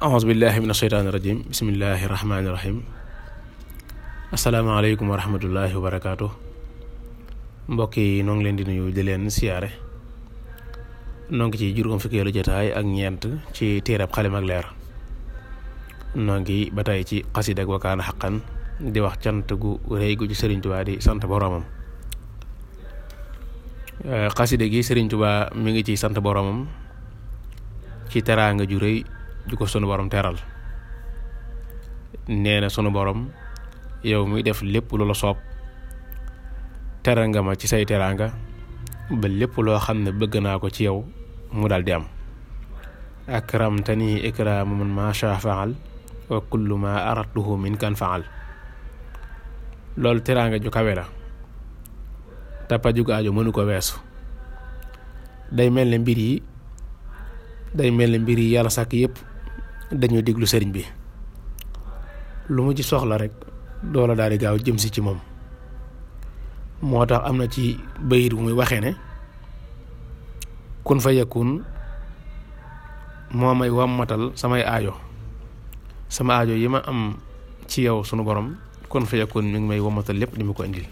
ahousubillahi min asheytaani irajim bisimillahi irahmaaniirahim asalaamaaleykum wa rahmatullahi wa barakaatu mbokk yi noo ngi leen di nuyu di leen siyaare noo ngi ci juróom fukkeelu jotaay ak ñeent ci téerab xalim ak leer noo ngi ba tey ci xasida ak wakaana xaqan di wax cant gu rëy gu ci Sëriñ Tubaa di sant boromam xasida gi Sëriñ Tubaa mi ngi ci sant boromam ci teraanga ju rëy di ko sunu borom teral nee na sunu borom yow muy def lépp lu la soob teral nga ma ci say teraanga ba lépp loo xam ne bëgg naa ko ci yow mu dal di am akramtani ikraamu man macha faal wa kullu ma arattuhu min kan faal loolu teraanga ju kawe la tappa ju gaajo mënu ko weesu day mel ne mbir yi day mel ne mbir yi yàlla sàkk yépp dañoo déglu sëriñ bi lu mu ci soxla rek doola daal di gaaw jëm si ci moom moo tax am na ci bayit bu muy waxee ne kon fa yakun moo may wàmmatal samay aajo sama aajo yi ma am ci yow sunu borom kun fa yakun mi ngi may wàmmatal lépp di mu ko indil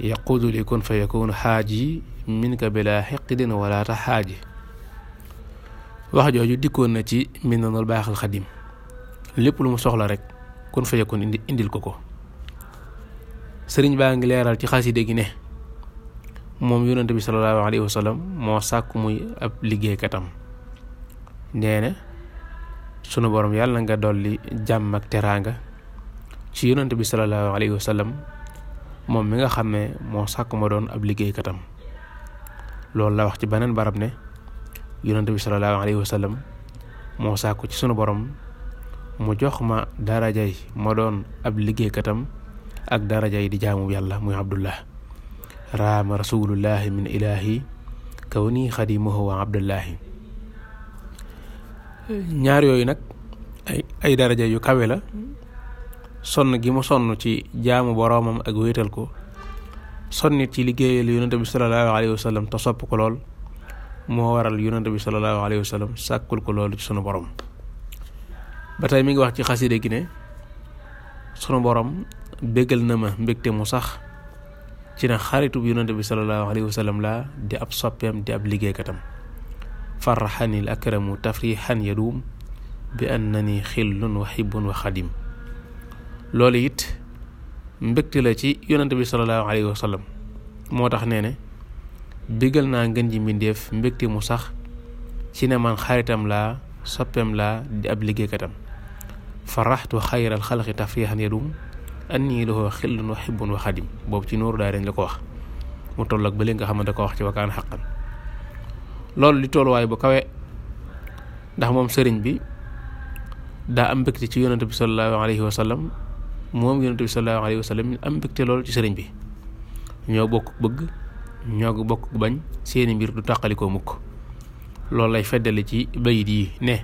yaquudu li kun fa yakun xaaji min ka bila xiqidin wala ta xaaji wax jooju dikkoon na ci Minanul Baaxil Xadim lépp lu mu soxla rek kon fa yakun indi indil ko ko sëriñ baa ngi leeral ci xaside gi ne moom yonante bi salallaahu alayhi wa sallam moo sàkk muy ab liggéeykatam nee sunu borom yàlla nga dolli jàmm ak teraanga ci yonante bi salallaahu alayhi wa sallam moom mi nga xam ne moo sàkk ma doon ab liggéeykatam loolu la wax ci beneen barab ne yonente bi salallaahu alayhi wa sallam moo ci sunu borom mu jox ma darajay ma doon ab liggéeykatam ak darajay di jaamu yàlla muy abdullah raama rasulullahi min ilahi kaw nii xadimahu wa abdullahi ñaar yooyu nag ay ay yu kawe la sonn gi mu sonn ci jaamu boroomam ak wéetal ko sonnit ci liggéeyal yonente bi salallaahu alayhi wa sallam sopp ko lool moo waral yonente bi salallaahu alayhi wa sallam sàkkul ko loolu ci sunu borom ba tey mi ngi wax ci xaside gi ne sunu boroom bégal na ma mbëgte mu sax ci ne xaritub yonente bi salallaahu alayhi wa sallam laa di ab soppeem di ab liggéeykatam farraxanil akramu tafrixan yaduum bi na ni wa xibun wa xadim loolu it mbégte la ci yonente bi salallaahu alayhi wa sallam moo tax nee ne bégal naa ngën ji mbindéef mbégte mu sax ci ne man xaritam laa soppeem laa di ab liggéey liggéeykatam faraxtu xayral xalqi tafrihan yadum annii lahu xillun wa xibbun wa xadim boobu ci nooru daa dañ la ko wax mu toll ba léegi nga xam da ko wax ci wakaan xaqan loolu li tolluwaay bu kawe ndax moom sëriñ bi daa am mbégte ci yonante bi sallallahu alayhi wa sallam moom yonante bi sallallahu alayhi wa sallam am mbégte lool ci sëriñ bi ñoo bokk bëgg ñoo ko bokk bañ seeni mbir du tàqalikoo mukk loolu lay feddali ci bayit yi ne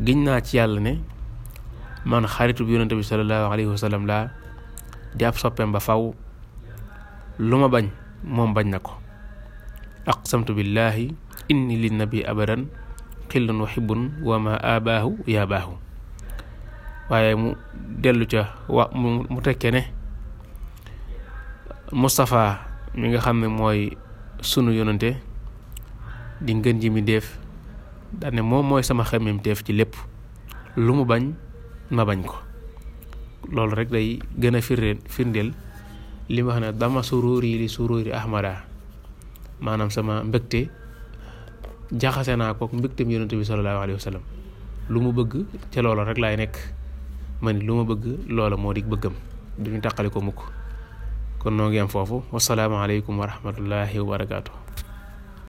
giñ naa ci yàlla ne man xaritu bi yonente bi sallallahu alayhi wa laa di ab soppeem ba faw lu ma bañ moom bañ na ko aqsamtu billaahi inni lin nabi abadan xillun wa xibun abaahu yaa baahu waaye mu dellu ca wa mu tekke ne Moustapha mi nga xam ne mooy sunu yonante di ngën ji mi def dane moom mooy sama xemmem teef ci lépp lu mu bañ ma bañ ko loolu rek day gën a firndeel firndeel li ma wax ne dama suruuri li suruuri ahmada maanaam sama mbëgte jaxase naa kook mbëgteem yonante bi sallallahu alayhi wa sallam lu mu bëgg ca loola rek lay nekk ma ni lu ma bëgg loola moo di bëggam duñu tàqali ko mukk kon noo ngi am foofu wasalaamaaleykum wa rahmatullahi wa barakaatu.